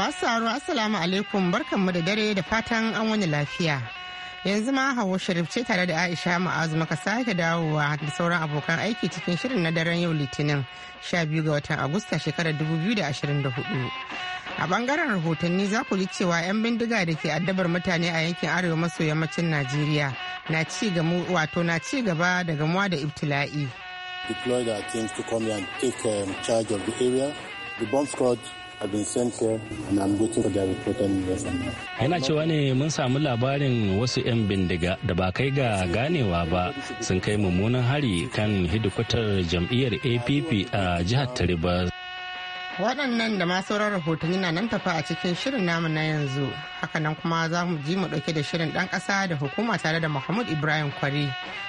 Masu saro Assalamu alaikum barkanmu da dare da fatan an wani lafiya. Yanzu ma hawa Sharif tare da Aisha Ma'azu maka sake dawowa da sauran abokan aiki cikin shirin na daren yau Litinin 12 ga watan Agusta shekarar 2024. A bangaren rahotanni za ku ji cewa 'yan bindiga da ke addabar mutane a yankin arewa maso yammacin Najeriya na ci wato na ci gaba da gamuwa da ibtila'i. Deploy their teams to come and take um, charge of the Yana cewa ne mun samu labarin wasu 'yan bindiga da ba kai ga ganewa ba sun kai mummunan hari kan hidikwatar jam'iyyar APP a jihar Taribas waɗannan da ma sauran rahotanni na nan tafa a cikin shirin namu na yanzu hakanan kuma za mu ji mu ɗauke da shirin ɗan ƙasa da hukuma tare da muhammad ibrahim kwari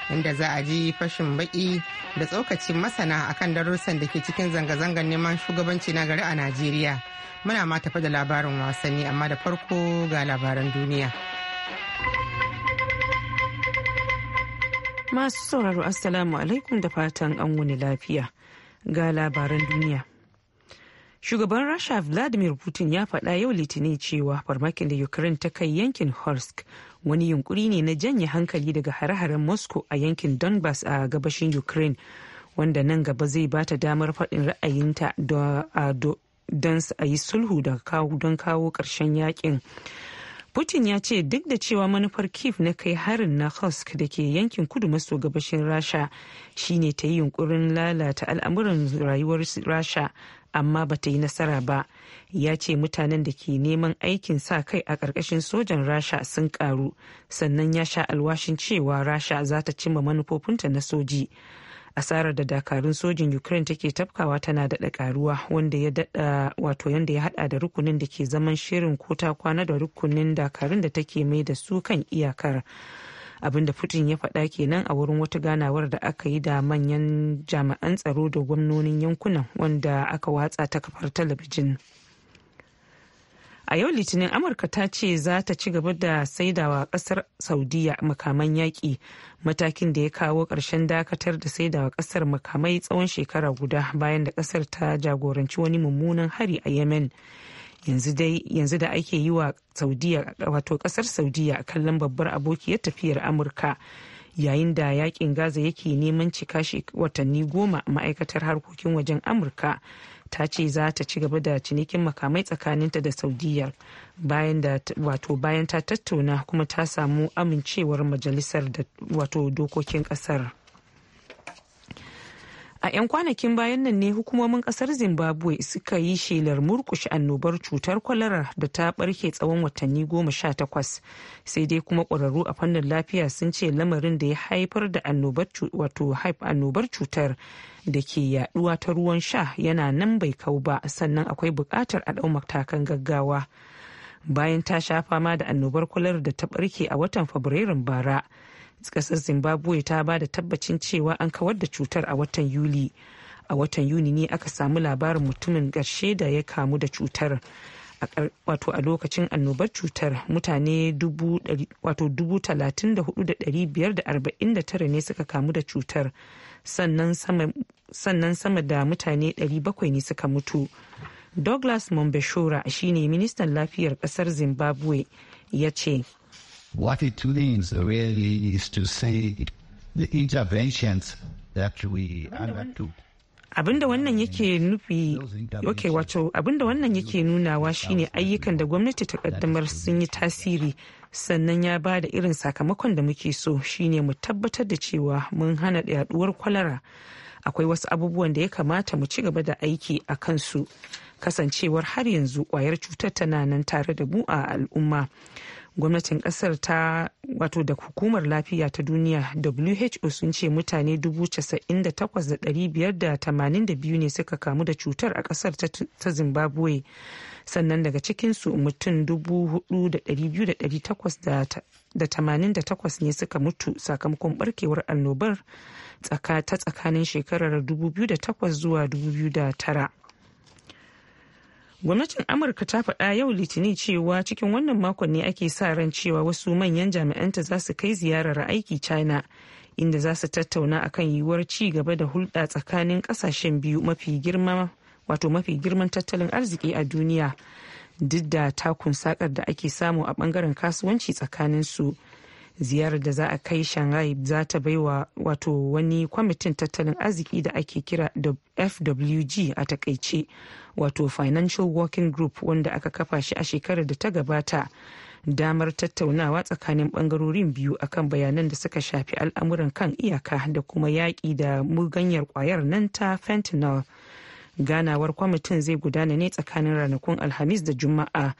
inda za a ji fashin baƙi da tsokacin masana a kan darussan da ke cikin zanga-zangar neman shugabanci na gari a najeriya muna ma tafi da labarin wasanni amma da farko ga labaran duniya masu sauraro assalamu alaikum da fatan an wuni lafiya ga labaran duniya Shugaban Rasha Vladimir Putin ya faɗa yau Litinin cewa farmakin da Ukraine ta kai yankin Horsk wani yunkuri ne na janye hankali daga hare-haren Moscow a yankin Donbass a gabashin Ukraine wanda nan gaba zai bata damar faɗin ra'ayinta don a yi sulhu don kawo ƙarshen yakin. Putin ya ce duk da cewa manufar Kiev na kai harin na Husk da ke yankin kudu maso gabashin Rasha shine ta yi yunkurin lalata al'amuran rayuwar Rasha amma ba ta yi nasara ba ya ce mutanen da ke neman aikin sa kai a ƙarƙashin sojan rasha sun ƙaru sannan ya sha alwashin cewa rasha za ta cimma manufofinta na soji asarar da dakarun sojin ukraine take tafkawa tana daɗa ƙaruwa wanda ya daɗa wato yanda ya haɗa da rukunin da ke zaman shirin ko ta kwana da rukunin dakarun da take mai da su kan iyakar abinda putin ya faɗa kenan a wurin wata ganawar da aka yi da manyan jami'an tsaro da gwamnonin yankunan wanda aka watsa ta kafar talabijin a yau litinin amurka ta ce za ta ci gaba da saidawa kasar saudiya makaman yaƙi matakin da ya kawo ƙarshen dakatar da saidawa kasar makamai tsawon shekara guda bayan da kasar ta jagoranci wani mummunan hari a yemen yanzu dai yanzu da ake yi wa saudiya wato kasar saudiya kallon babbar abokiyar tafiyar amurka yayin da yakin gaza yake neman cika shi watanni goma ma'aikatar harkokin wajen amurka ta ce za ta ci gaba da cinikin makamai tsakaninta da saudiya bayan da wato bayan ta tattauna kuma ta samu amincewar majalisar da wato dokokin kasar A 'yan kwanakin bayan nan ne hukumomin kasar Zimbabwe suka yi shelar murkushe annobar cutar kwalara da ta barke tsawon watanni goma sha takwas. Sai dai kuma ƙwararru a fannin lafiya sun ce lamarin da ya haifar da annobar cutar da ke yaduwa ta ruwan sha yana nan bai kau ba sannan akwai buƙatar a matakan gaggawa. Bayan ta sha fama da annobar kwalara da ta barke a watan Fabrairun bara. kasar zimbabwe ta ba da tabbacin cewa an kawar da cutar a watan yuli a watan yuni ne aka samu labarin mutumin ƙarshe da ya kamu da cutar wato a lokacin annobar cutar mutane tara ne suka kamu da cutar sannan sama da mutane 700 ne suka mutu douglas mombeshora shine ministan lafiyar kasar zimbabwe ya ce What it means really is to say the interventions that we undertook. abinda wannan yake nufi ok wato abinda wannan yake nunawa shine ayyukan da gwamnati ta kaddamar sun yi tasiri sannan ya ba da irin sakamakon da muke so shine mu tabbatar da cewa mun hana yaduwar kwalara akwai wasu abubuwan da ya kamata mu ci gaba da aiki a kansu kasancewar har yanzu kwayar cutar tana nan tare da mu a al'umma gwamnatin kasar ta wato da hukumar lafiya ta duniya who sun ce mutane 98,582 ne suka kamu da cutar a kasar ta zimbabwe sannan daga cikin su mutum 4,288 ne suka mutu sakamakon barkewar annobar ta tsakanin shekarar 2008 zuwa 2009 gwamnatin amurka ta faɗa yau litinin cewa cikin wannan makon ne ake sa ran cewa wasu manyan jami'anta za su kai ziyarar aiki china inda za su tattauna akan yiwuwar ci gaba da hulɗa tsakanin ƙasashen biyu mafi girma wato mafi girman tattalin arziki a duniya duk da takun sakar da ake samu a ɓangaren kasuwanci tsakanin su ziyarar da za a kai shanghai za ta baiwa wato wani kwamitin tattalin arziki da ake kira fwg a takaice wato financial working group wanda aka kafa shi a shekarar da ta gabata damar tattaunawa tsakanin bangarorin biyu akan bayanan da suka shafi al'amuran kan iyaka da kuma yaƙi da muganyar kwayar nan ta fentanyl ganawar kwamitin zai gudana ne tsakanin ranakun alhamis da juma'a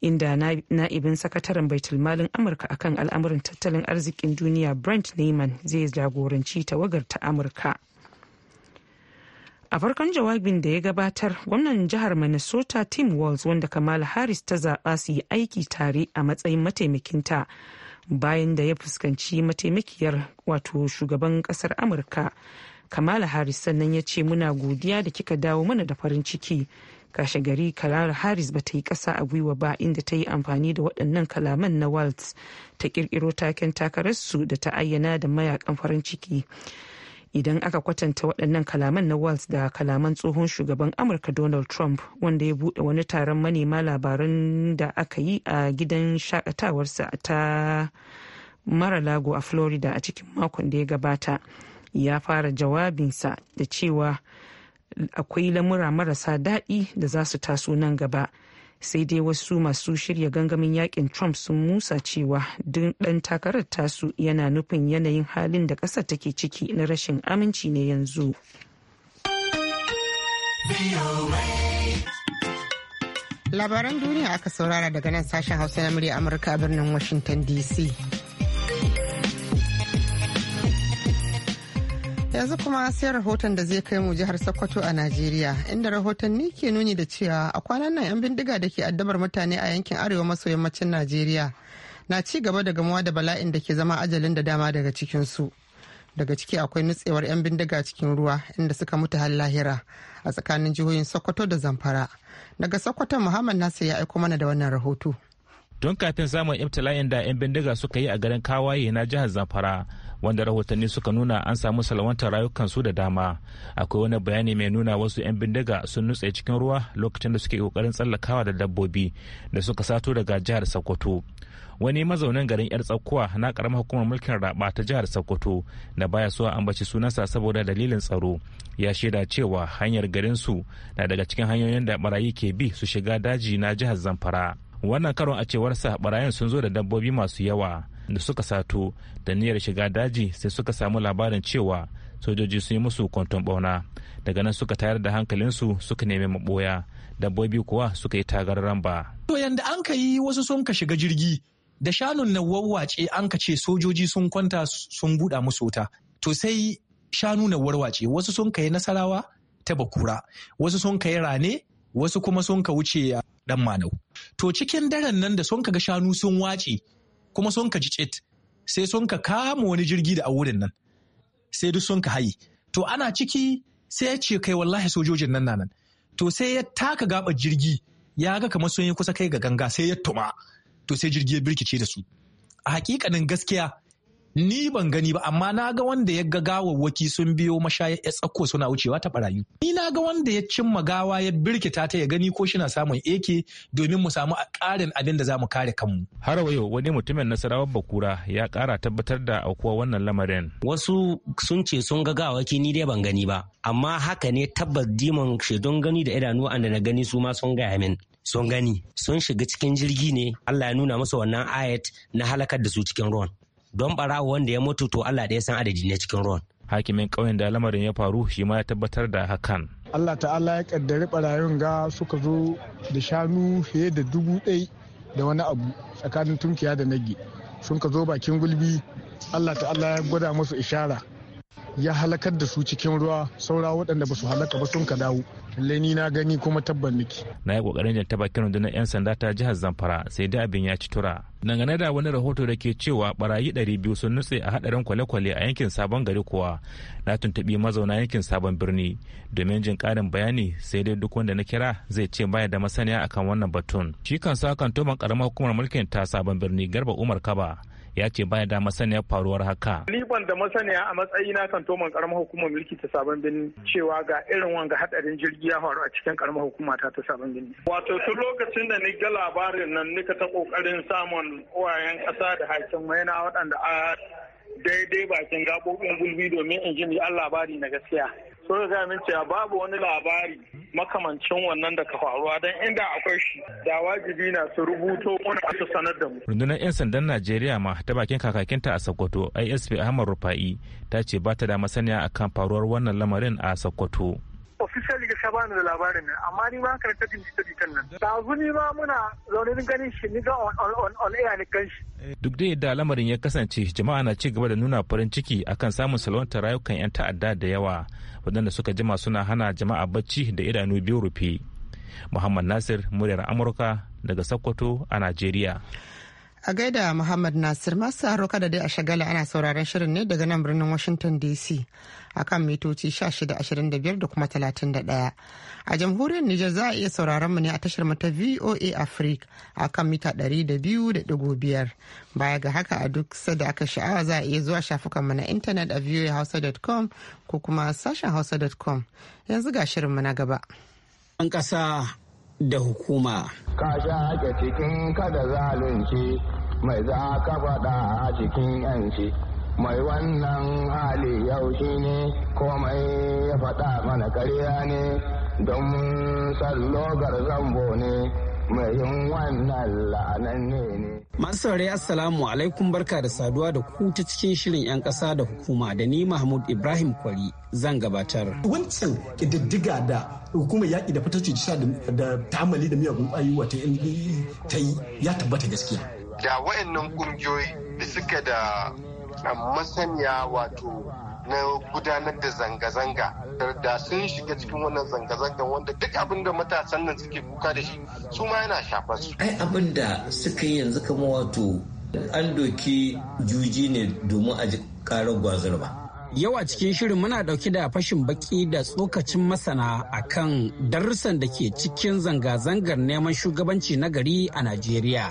inda na'ibin sakataren baitulmalin amurka akan al'amuran tattalin arzikin duniya brent neyman zai jagoranci tawagar ta amurka a farkon jawabin da ya gabatar gwamnan jihar minnesota tim walls wanda kamala harris ta zaɓa su yi aiki tare a matsayin mataimakinta bayan da ya fuskanci mataimakiyar wato shugaban ƙasar amurka kamala harris sannan ya ce muna godiya da kika dawo mana da farin ciki kashe gari kalara harris ba ta yi kasa a gwiwa ba inda ta yi amfani da waɗannan kalaman na waltz ta kirkiro taken takararsu da ta ayyana da mayakan farin ciki idan aka kwatanta waɗannan kalaman na waltz da kalaman tsohon shugaban amurka donald trump wanda ya buɗe wani taron manema labaran da aka yi a gidan shakatawarsa ta mara lago a florida a cikin makon da ya gabata ya fara jawabinsa da cewa akwai lamura marasa daɗi da za su taso nan gaba sai dai wasu masu shirya gangamin yakin trump sun musa cewa dan takarar tasu yana nufin yanayin halin da ƙasar take ciki na rashin aminci ne yanzu labaran duniya aka saurara daga nan sashen hausa na murya amurka a birnin washington dc yanzu kuma sai rahoton da zai kai mu jihar sokoto a najeriya inda rahotanni ke nuni da cewa a kwanan nan 'yan bindiga da ke addabar mutane a yankin arewa maso yammacin najeriya na ci gaba da gamuwa da bala'in da ke zama ajalin da dama daga cikinsu daga ciki akwai nutsewar 'yan bindiga cikin ruwa inda suka mutu har lahira a tsakanin jihohin sokoto da zamfara daga sokoto muhammad nasir ya aiko mana da wannan rahoto don kafin samun ibtila'in da 'yan bindiga suka yi a garin kawaye na jihar zamfara wanda rahotanni suka nuna an samu salwantar rayukansu da dama akwai wani bayani mai nuna wasu 'yan bindiga sun nutse cikin ruwa lokacin da suke kokarin tsallakawa da dabbobi da suka sato daga jihar sokoto wani mazaunin garin yar tsakuwa na karamar hukumar mulkin raba ta jihar sokoto da baya so an ambaci sunansa saboda dalilin tsaro ya shaida cewa hanyar garin su na daga cikin hanyoyin da barayi ke bi su shiga daji na jihar zamfara wannan karon a cewarsa barayin sun zo da dabbobi masu yawa da suka sato da niyyar shiga daji sai suka samu labarin cewa sojoji sun yi musu kwanton bauna daga nan suka tayar da hankalinsu suka nemi maboya dabbobi kuwa suka yi tagar ramba. to yanda an ka yi wasu sun ka shiga jirgi da shanun na wawwace an ka ce sojoji sun kwanta sun buɗa musu wuta to sai shanu na warwace wasu sun ka yi nasarawa ta bakura wasu sun ka yi rane wasu kuma sun ka wuce dan manau to cikin daren nan da sun ga shanu sun wace kuma sun ka ji cet sai sun ka kama wani jirgi da a wurin nan sai duk sun ka hayi to ana ciki sai ya ce kai wallahi sojojin nan nan to sai ya taka gaba jirgi ya ga kamar sun yi kusa kai ga ganga sai ya tuma to sai jirgi ya birkice da su a hakikanin gaskiya ni ban gani ba amma na ga wanda ya ga gawawwaki sun biyo mashaya ya tsako suna wucewa ta barayu ni na ga wanda ya cimma gawa ya birkita ta ya gani ko shina samun eke domin mu samu ƙarin abin da za mu kare kanmu har wayo wani mutumin nasarawar bakura ya kara tabbatar da aukuwa wannan lamarin wasu sun ce sun ga gawaki ni dai ban gani ba amma haka ne tabbas diman shaidun gani da idanu anda na gani su ma sun gaya min sun gani sun shiga cikin jirgi ne Allah ya nuna masa wannan ayat na halakar da su cikin ruwan don barawo wanda ya mutu to Allah da ya san adadi ne cikin ruwan hakimin ƙauyen da lamarin ya faru shi ma ya tabbatar da hakan Allah ta'ala ya kaddari barayin ga suka zo da shanu fiye da dubu ɗai da wani abu tsakanin tunkiya da nagi sun ka zo bakin gulbi Allah ta'ala ya gwada musu ishara ya halakar da su cikin ruwa saura waɗanda ba su halaka ba sun ka dawo ni na gani kuma tabban niki na yi kokarin jan tabakin rundunar yan sanda ta jihar zamfara sai da abin ya ci tura dangane da wani rahoto da ke cewa barayi biyu sun nutse a hadarin kwale-kwale a yankin sabon gari kuwa na tuntuɓi mazauna yankin sabon birni domin jin karin bayani sai dai duk wanda na kira zai ce baya da masaniya akan wannan batun shi kan sa kan toban karamar hukumar mulkin ta sabon birni garba umar kaba ya ce baya da masaniyar faruwar haka. Liban da masaniya a matsayi na kan toman karamar hukumar mulki ta sabon birni cewa ga irin wanga hadarin jirgi ya faru a cikin karamar hukuma ta ta sabon birni. Wato tun lokacin da ni ga labarin nan nika ta kokarin samun wayan kasa da mai na waɗanda a daidai bakin gabobin gulbi domin in ji Allah labari na gaskiya. sun ga min cewa babu wani labari makamancin wannan da ka faruwa don inda akwai shi da wajibi na su rubuto a su sanar da mu. Rundunar 'yan sandan Najeriya ma ta bakin kakakinta a Sokoto ISP Ahmad Rufa'i ta ce ba ta da masaniya akan faruwar wannan lamarin a Sokoto. officially ga sha bani da labarin nan amma ni ma haka ta jinjita nan da abu ma muna zaune ni ganin shi ni ga on air ne kan shi duk da yadda lamarin ya kasance jama'a na ci gaba da nuna farin ciki akan samun salwantar rayukan 'yan ta'adda da yawa waɗanda suka jima suna hana jama'a bacci da idanu biyu rufe muhammad nasir muryar amurka daga sokoto a najeriya a gaida muhammad nasir masu haruka da dai a shagala ana sauraron shirin ne daga nan birnin washington dc a kan mitoci 1625 da kuma 31. A jamhuriyar Nijar za a iya sauraron mu ne a tashar ta VOA Africa a kan mita 200.5. Baya ga haka a duk sada aka sha'awa za a iya zuwa shafukan mu na intanet a voahausa.com ko kuma sashen hausa.com. Yanzu ga shirin mu na gaba. An ƙasa da hukuma. Ka sha cikin kada zalunci mai za ka faɗa a cikin 'yanci. mai wannan hali yau shi ne komai ya faɗa mana karya ne don sallogar zambo ne mai yin wannan la'anan ne ne. Masu saurari Assalamu alaikum barka da saduwa da ku ta cikin shirin 'yan ƙasa da hukuma da ni Mahmud Ibrahim Kwari zan gabatar. Wancan ƙididdiga da hukumar yaƙi da fitacci da tamali da miyagun ƙwayoyi wata e, ta yi ya tabbata gaskiya. Da wa'annan ƙungiyoyi da suka da masaniya wato na gudanar da zanga-zanga da sun shiga cikin wannan zanga-zanga wanda duk abin da matasan nan suke kuka da shi su ma yana shafar su. ai abin da suka yi yanzu kama wato an doki juji ne domin a ji karar gwazar ba Yau a cikin shirin muna ɗauki da fashin baki da tsokacin masana a kan darussan da ke cikin zanga-zangar neman shugabanci na gari a Najeriya.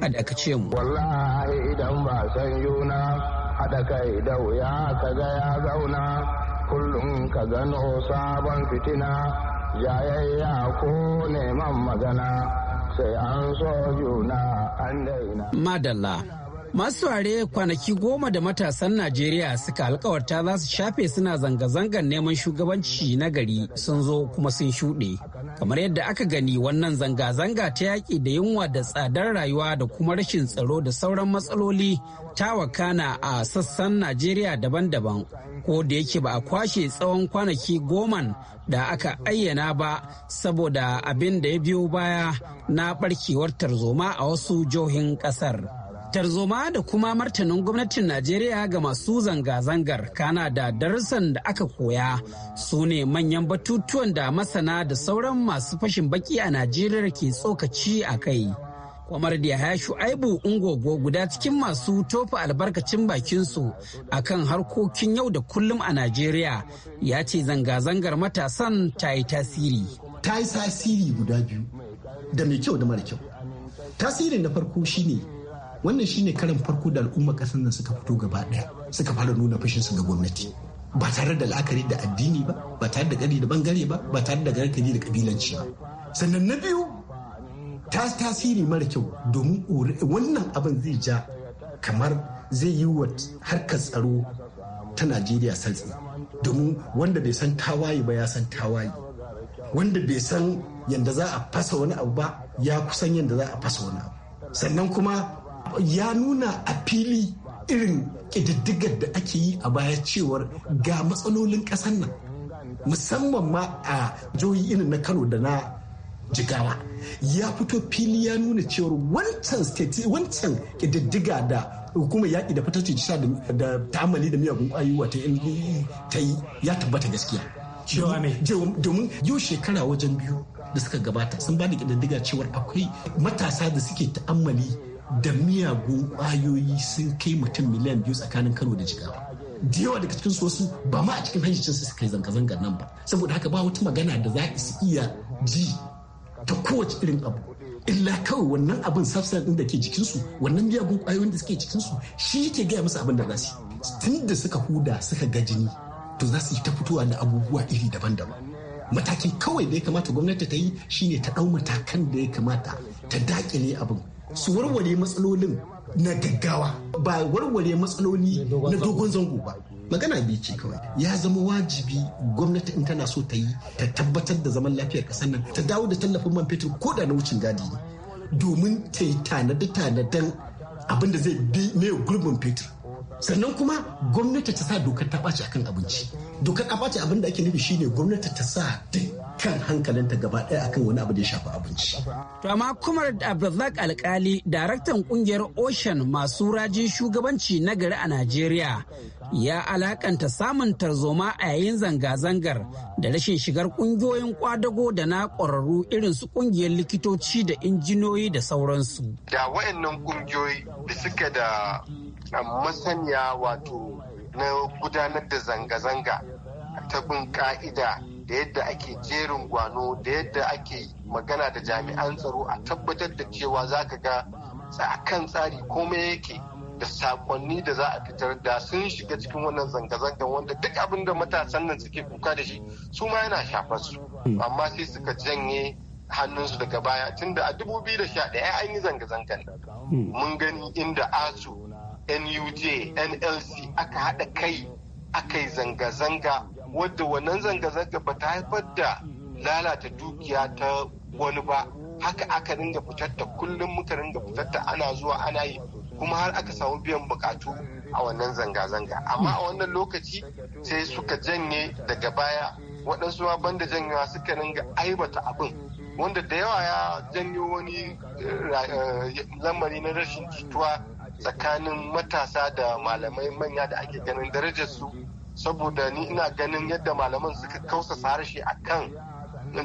A ka ce mu. Wallahi idan ba san yuna haɗa kai da wuya ka ga ya zauna kullum ka gano sabon fitina jayayya ko neman magana sai an so juna an daina. Madalla. Masu ware kwanaki goma da matasan Najeriya suka alkawarta za su shafe suna zanga-zangar neman shugabanci na gari sun zo kuma sun shuɗe. Kamar yadda aka gani wannan zanga-zanga ta yaƙi da yunwa da tsadar rayuwa da kuma rashin tsaro da sauran matsaloli ta wakana a sassan Najeriya daban-daban. Ko da yake ba a kwashe tsawon kwanaki goman da aka ayyana ba saboda abin da ya biyo baya na barkewar tarzoma a wasu jihohin ƙasar. tarzoma da kuma martanin gwamnatin najeriya ga masu zanga-zangar kana da darussan da aka koya su ne manyan batutuwan da masana da sauran masu fashin baki a najeriya ke tsokaci a kai kwamar da ya shu'aibu ungogo guda cikin masu tofa albarkacin bakinsu a kan harkokin yau da kullum a najeriya ya ce zanga-zangar matasan ta yi tasiri ta yi tasiri guda biyu da mai kyau da mara kyau tasirin na farko shine wannan shine karin farko da al'umma kasan nan suka fito gaba daya suka fara nuna fashin su ga gwamnati ba tare da la'akari da addini ba ba tare da gari da bangare ba ba tare da gari da kabilanci ba sannan na biyu ta tasiri mara kyau domin wannan abin zai ja kamar zai yi wa harkar tsaro ta najeriya santsi domin wanda bai san tawaye ba ya san tawaye wanda bai san yadda za a fasa wani abu ba ya kusan yadda za a fasa wani abu sannan kuma ya nuna a fili irin ƙididdigar da ake yi a baya cewar ga matsalolin ƙasar nan musamman ma a jihohi irin na kano da na jigawa ya fito fili ya nuna cewar wancan state wancan ƙididdiga da hukumar yaƙi da fatar cuta da amali da miyagun ƙwayoyi e ta yi ya tabbata gaskiya domin yau shekara wajen biyu da suka gabata sun ba da ƙididdiga cewar akwai matasa da suke ta'ammali da miyagun ƙwayoyi sun kai mutum miliyan biyu tsakanin kano da jigawa da yawa daga cikin su ba ma a cikin hanyar su kai zanga-zangar nan ba saboda haka ba wata magana da za su iya ji ta kowace irin abu illa kawai wannan abin safsan din da ke jikinsu wannan miyagun ƙwayoyin da suke jikinsu shi yake gaya musu abin da za su tun da suka huda suka ga jini to za su yi ta fitowa da abubuwa iri daban-daban matakin kawai da ya kamata gwamnati ta yi shine ta ɗau matakan da ya kamata ta daƙile abin su warware matsalolin na gaggawa ba warware matsaloli na dogon zango ba magana bai ce kawai ya zama wajibi gwamnati in tana so ta yi ta tabbatar da zaman lafiyar kasar nan ta dawo da tallafin man fetur ko da na wucin gadi ne domin ta yi tanadi tanaden abin da zai bi mai gurbin fetur sannan kuma gwamnati ta sa dokar ta ɓaci akan abinci dokar ta ɓace abin da ake nufi shine gwamnati ta sa kan hankalinta gaba ɗaya akan wani abu da ya shafi abinci. To amma kumar Abdulrazak Alkali, daraktan kungiyar Ocean masu rajin shugabanci na gari a Najeriya, ya alakanta samun tarzoma a yayin zanga-zangar da rashin shigar kungiyoyin kwadago da na ƙwararru irin su kungiyar likitoci da injiniyoyi da sauransu. Da waɗannan kungiyoyi da suke da masaniya wato na gudanar da zanga-zanga ta bin ka'ida da yadda ake jerin gwano da yadda ake magana da jami'an tsaro a tabbatar da cewa za ka ga kan tsari komai yake da sakonni da za a fitar da sun shiga cikin wannan zanga-zangan wanda duk abin da matasan nan suke kuka da shi su ma yana shafar su hmm. amma sai suka janye hannunsu daga baya tunda a 2011 an yi zanga-zangan hmm. mun gani inda asu nuj nlc aka haɗa kai aka yi zanga-zanga wadda wannan zanga-zanga ba ta haifar da lalata dukiya ta wani ba haka aka ringa fitar da kullum muka ringa fitar da ana zuwa ana yi kuma har aka samu biyan bukatu a wannan zanga-zanga amma a wannan lokaci sai suka janye daga baya waɗansu ma banda janyewa suka ringa aibata abin wanda da yawa ya janyo wani eh, lamari na rashin jituwa tsakanin matasa da malamai manya da ake ganin darajarsu saboda ni ina ganin yadda malaman suka kausasa harshe a kan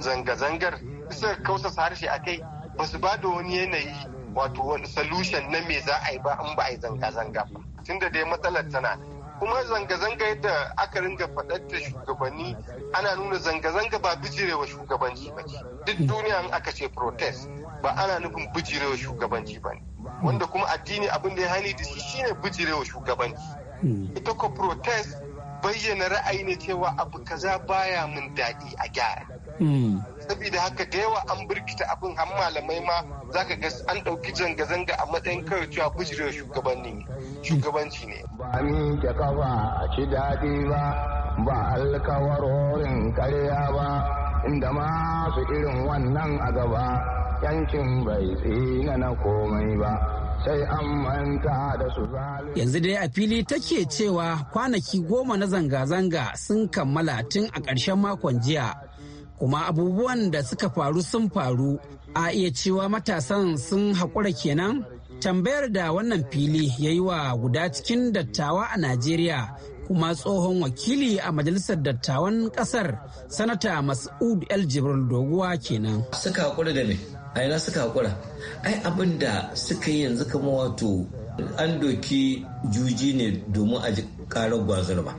zanga-zangar suka kausasa harshe a kai, ba su ba da wani yanayi wato wani solution na me za a yi ba in ba a yi zanga-zanga ba tunda dai matsalar tana kuma zanga-zanga yadda aka ringa faɗar da shugabanni ana nuna zanga-zanga ba bijirewa shugabanci ba duk duniya in aka ce protest ba ana nufin bijirewa shugabanci ba ne wanda kuma addini abin da ya hani da shi shine bijirewa shugabanci hmm. ita ko protest bayyana ra'ayi ne cewa abu kaza baya min daɗi a gyara. Hmm. Saboda haka da yawa an birkita abin har malamai ma za ka ga an ɗauki zanga-zanga a matsayin kawai cewa bujirewa shugabanni shugabanci ne. Ba ni ke kafa a ci daɗi ba, ba alkawarorin karya ba, inda masu irin wannan a gaba, yankin bai tsina na komai ba. sai an manta da su Yanzu dai a fili take cewa kwanaki goma na zanga-zanga sun kammala tun a ƙarshen makon jiya. Kuma abubuwan da suka faru sun faru a iya cewa matasan sun haƙura kenan? Tambayar da wannan fili ya yi wa guda cikin dattawa a Najeriya kuma tsohon wakili a majalisar dattawan kasar sanata Mas'ud El Jibril Doguwa kenan. Suka haƙura da me? a yana suka haƙura ai abin da suka yi yanzu kama wato an doki juji ne domin a ji ƙarar gwazarba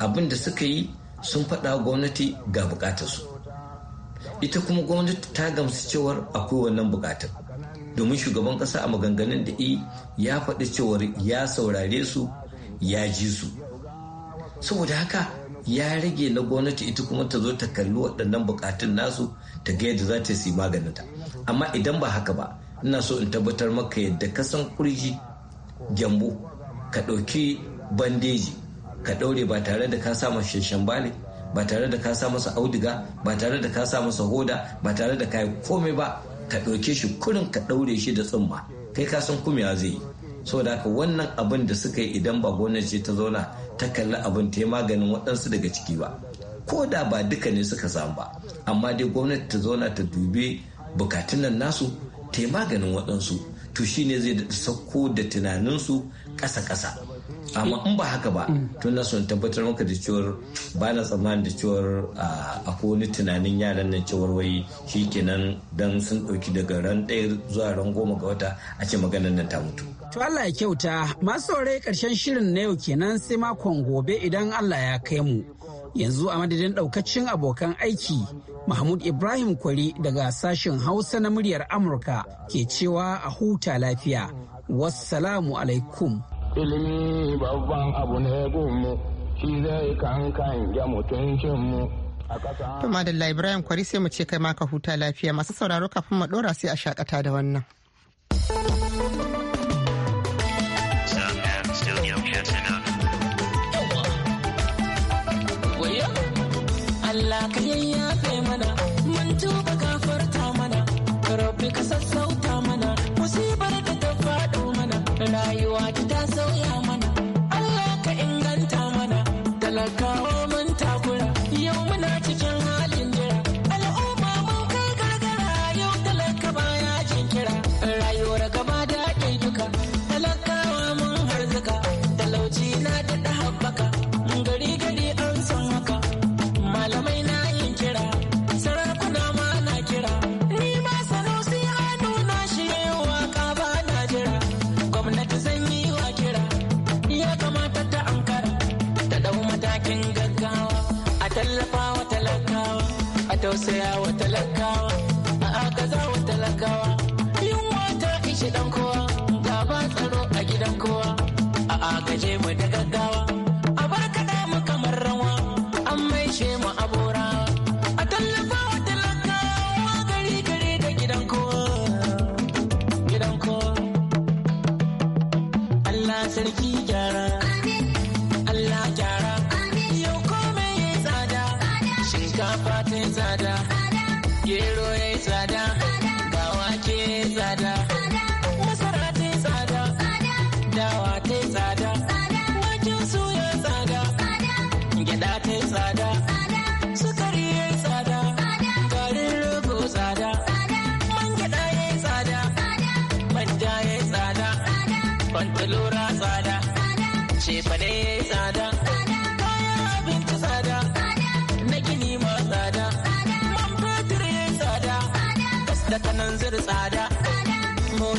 abin da suka yi sun faɗa gwamnati ga bukatarsu ita kuma gwamnati ta gamsu cewar akwai wannan bukatar domin shugaban ƙasa a maganganun da ya faɗi cewar ya saurare su ya ji su saboda haka ya rage na gwamnati ita kuma ta zo ta kalli waɗannan bukatun nasu ta ga yadda za ta yi maganin ta amma idan ba haka ba ina so in tabbatar maka yadda ka san kurji gyambo ka ɗauki bandeji ka ɗaure ba tare da ka sa shashen bale ba tare da ka sa masa auduga ba tare da ka sa masa hoda ba tare da ka yi komai ba ka ɗauke shi kurin ka ɗaure shi da tsumma kai ka san kumewa zai yi saboda haka wannan abin da suka yi idan ba gwamnati ta zauna ta kalli abin ta maganin waɗansu daga ciki ba ko da ba duka ne suka samu ba amma dai gwamnati ta zauna ta dube bukatun nan nasu ta maganin waɗansu to shine zai da sauko da tunaninsu ƙasa-ƙasa amma in ba haka ba mm. tun na son tabbatar maka da cewar ba na tsammanin da cewar a wani tunanin yaran nan cewar wai kenan dan sun dauki daga ran ɗaya zuwa ran goma ga wata a ce maganar nan ta mutu to Allah ya kyauta masu saurayi karshen shirin na yau kenan sai makon gobe idan Allah ya kai mu yanzu a madadin daukacin abokan aiki mahmud ibrahim kwari daga sashen hausa na muryar amurka ke cewa a huta lafiya wassalamu alaikum ilimi babban abu ne gunmu shi zai kankan ya mutuncinmu to madalla ibrahim kwari sai mu ce kai ma ka huta lafiya masu sauraro kafin mu dora sai a shakata da wannan Allah ka yayyafe mana mun tuba gafarta mana rabbi ka sassauta mana musibar da ta faɗo mana rayu a gaje mu da gaggawa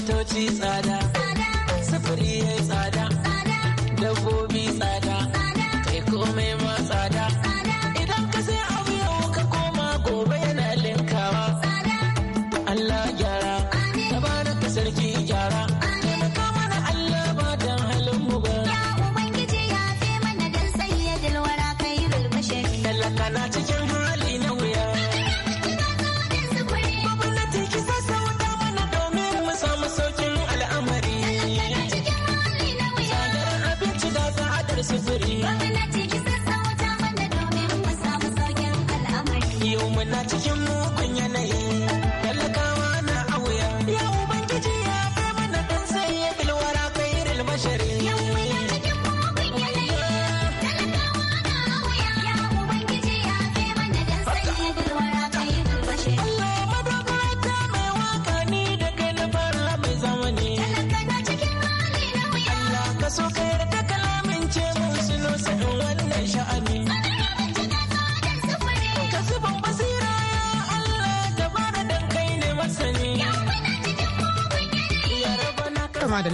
motoci tsada sufuri ya tsada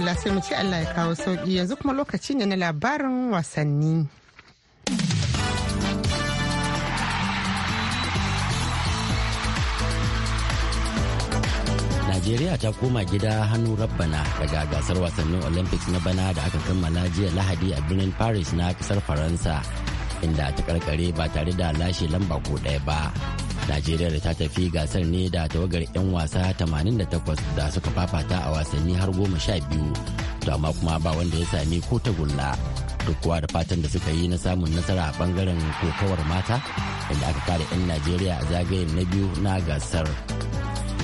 Allah sai mu ce Allah ya kawo sauki yanzu kuma lokaci ne na labarin wasanni. Najeriya ta koma gida hannu rabbana daga gasar wasannin Olympics na bana da aka kammala jiya Lahadi a birnin Paris na kasar Faransa inda ta karkare ba tare da lashe lamba ko ɗaya ba. najeriya da ta tafi gasar ne da tawagar 'yan wasa 88 da suka fafata a wasanni har goma sha biyu to amma kuma ba wanda ya sami ko tagulla duk kuwa da fatan da suka yi na samun nasara a bangaren kokawar mata inda aka kare 'yan najeriya a zagayen na biyu na gasar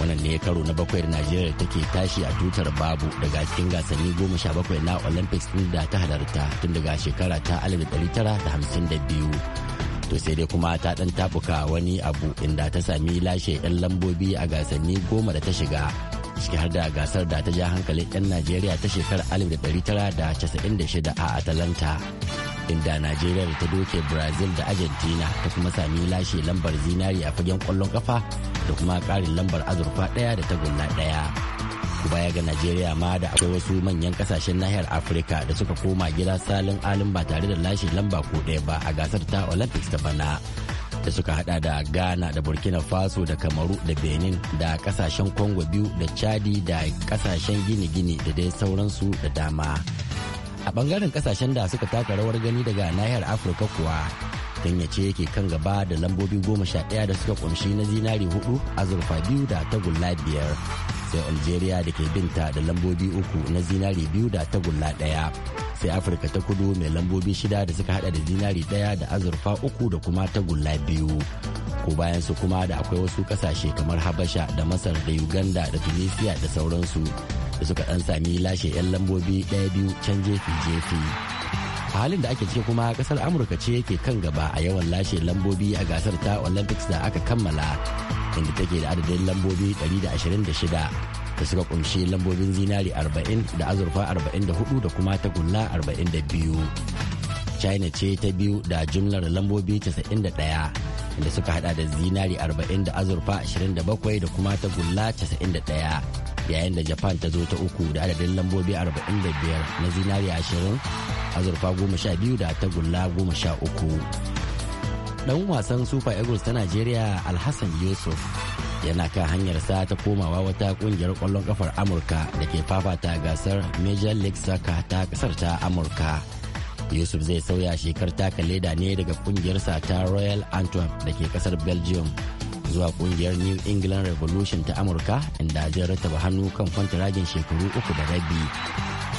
wannan ne karo na bakwai da najeriya take tashi a tutar babu daga cikin gasanni goma sha bakwai na olympics din da ta halarta tun daga shekara ta biyu. to sai dai kuma ta dan tabuka wani abu inda ta sami lashe 'yan lambobi a gasanni goma da ta shiga ciki har da gasar da ta ja hankalin 'yan najeriya ta shekarar 1996 a atalanta inda najeriya da ta doke brazil da argentina ta kuma sami lashe lambar zinari a fagen kwallon kafa da kuma karin lambar azurfa daya da tagulla daya baya ga najeriya ma da akwai wasu manyan kasashen nahiyar afirka da suka koma gida salin alin ba tare da lashe lamba ko ɗaya ba a gasar ta olympics ta bana da suka hada da ghana da burkina faso da kamaru da benin da kasashen congo biyu da chadi da kasashen gini-gini da dai sauransu da dama a bangaren kasashen da suka taka rawar gani daga nahiyar afirka kuwa kenya ce yake kan gaba da lambobi goma sha ɗaya da suka kunshi na zinari hudu azurfa biyu da tagulla biyar sai algeria da ke binta da lambobi uku na zinari biyu da tagulla ɗaya sai afirka ta kudu mai lambobi shida da suka hada da zinari ɗaya da azurfa uku da kuma tagulla biyu ko bayan su kuma da akwai wasu kasashe kamar habasha da masar da uganda da tunisia da sauransu da suka dan sami lashe 'yan lambobi ɗaya biyu can jefi jefi a halin da ake ciki kuma kasar amurka ce ke kan gaba a yawan lashe lambobi a gasar ta olympics da aka kammala inda take da adadin lambobi 126 da suka kunshi lambobin zinari 40 da azurfa 44 da kuma tagulla 42 china ce ta biyu da jimlar lambobi 91 inda suka hada da zinari 40 da azurfa 27 da kuma tagulla 91 yayin da japan ta zo ta uku da adadin lambobi 45 na zinari 20 azurfa 12 da tagulla 13 dan wasan super eagles ta nigeria alhassan yusuf yana kan hanyarsa ta komawa wata kungiyar kwallon kafar amurka da ke fafata gasar major league soccer ta kasar ta amurka yusuf zai sauya shekar taka leda ne daga kungiyarsa ta royal antwerp da ke kasar belgium zuwa kungiyar new england revolution ta amurka inda jin rattaba hannu kan kwantaragin shekaru uku da rabi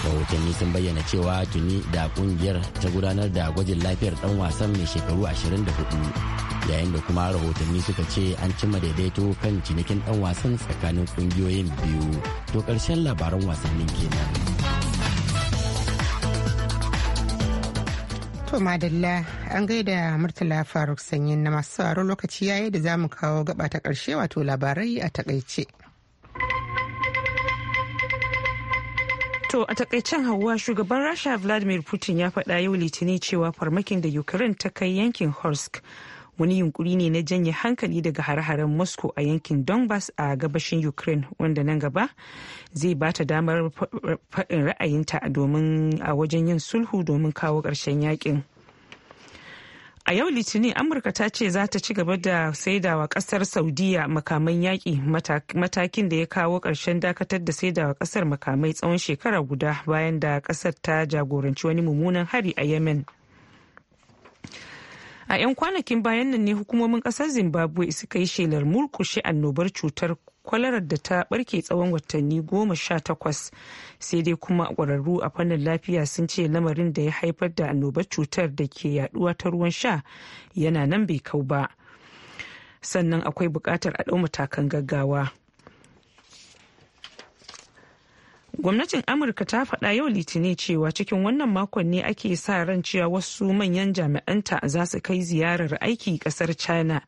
rahotanni sun bayyana cewa tuni da kungiyar ta gudanar da gwajin lafiyar dan wasan mai shekaru 24 yayin da kuma rahotanni suka ce an cimma daidaito kan cinikin dan wasan tsakanin kungiyoyin biyu to karshen labaran wasannin kenan. To madalla an gaida Murtala Faruk Sanyin na masu sauraro lokaci yayi da zamu kawo gaba ta ƙarshe wato labarai a takaice. To a takaicen hawa shugaban Rasha Vladimir Putin ya faɗa yau litinin cewa farmakin da Ukraine ta kai yankin Horsk wani yunkuri ne na janye hankali daga hare-haren moscow a yankin donbass a gabashin ukraine wanda nan gaba zai ba ta damar faɗin ra'ayinta domin a wajen yin sulhu domin kawo ƙarshen yakin a yau litinin amurka ta ce za ta ci gaba da saidawa kasar saudiya makaman yaƙi matakin da ya kawo ƙarshen dakatar da saidawa kasar makamai tsawon shekara guda bayan da kasar ta jagoranci wani mummunan hari a yemen a 'yan kwanakin bayan nan ne hukumomin kasar zimbabwe suka yi shelar murkushe annobar cutar kwalarar da ta barke tsawon watanni goma sha takwas sai dai kuma kwararru a fannin lafiya sun ce lamarin da ya haifar da annobar cutar da ke yaduwa ta ruwan sha yana nan bai kau ba sannan akwai bukatar a matakan gaggawa. gwamnatin amurka ta faɗa yau litinin cewa cikin wannan makon ne ake sa ran cewa wasu manyan jami'anta za su kai ziyarar aiki ƙasar china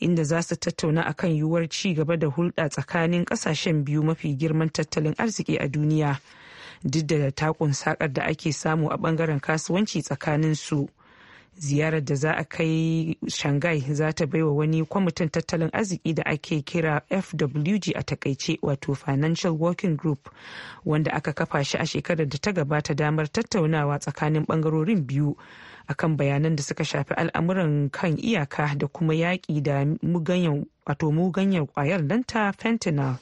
inda za su tattauna kan yiwuwar ci gaba da hulɗa tsakanin ƙasashen biyu mafi girman tattalin arziki a duniya duk da takun saƙar da ake samu a ɓangaren kasuwanci tsakanin su ziyarar da za a kai shanghai za ta baiwa wani kwamitin tattalin arziki da ake kira fwg a takaice wato financial working group wanda aka kafa shi a shekarar da ta gabata damar tattaunawa tsakanin bangarorin biyu akan bayanan da suka shafi al'amuran kan iyaka da kuma yaƙi da muganyar kwayar nan ta fentanyl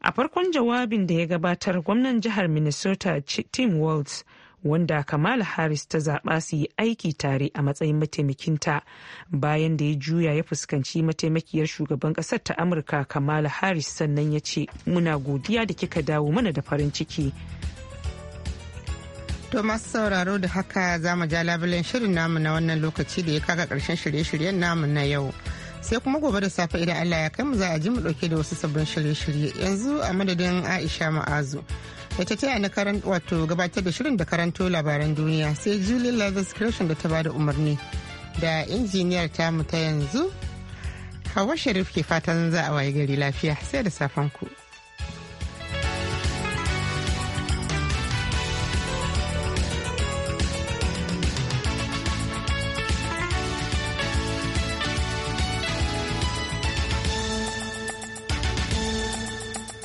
a farkon jawabin da ya gabatar gwamnan jihar minnesota tim waltz wanda kamala harris ta zaɓa su yi aiki tare a matsayin mataimakinta bayan da ya juya ya fuskanci mataimakiyar shugaban ƙasar ta amurka kamala harris sannan ya ce muna godiya da kika dawo mana da farin ciki To masu sauraro da haka za mu ja labulen shirin namu na wannan lokaci da ya kaga karshen shirye-shiryen namu na yau. Sai kuma gobe da safe idan Allah ya kai mu za a ji mu dauke da wasu sabbin shirye-shirye yanzu a madadin Aisha Ma'azu. da ta taya karanta wato gabatar da shirin da karanto labaran duniya sai julie lazarus creation da ta bada umarni da injiniyar ta mu ta yanzu hawa sharif ke fatan za a waye gari lafiya sai da safen ku.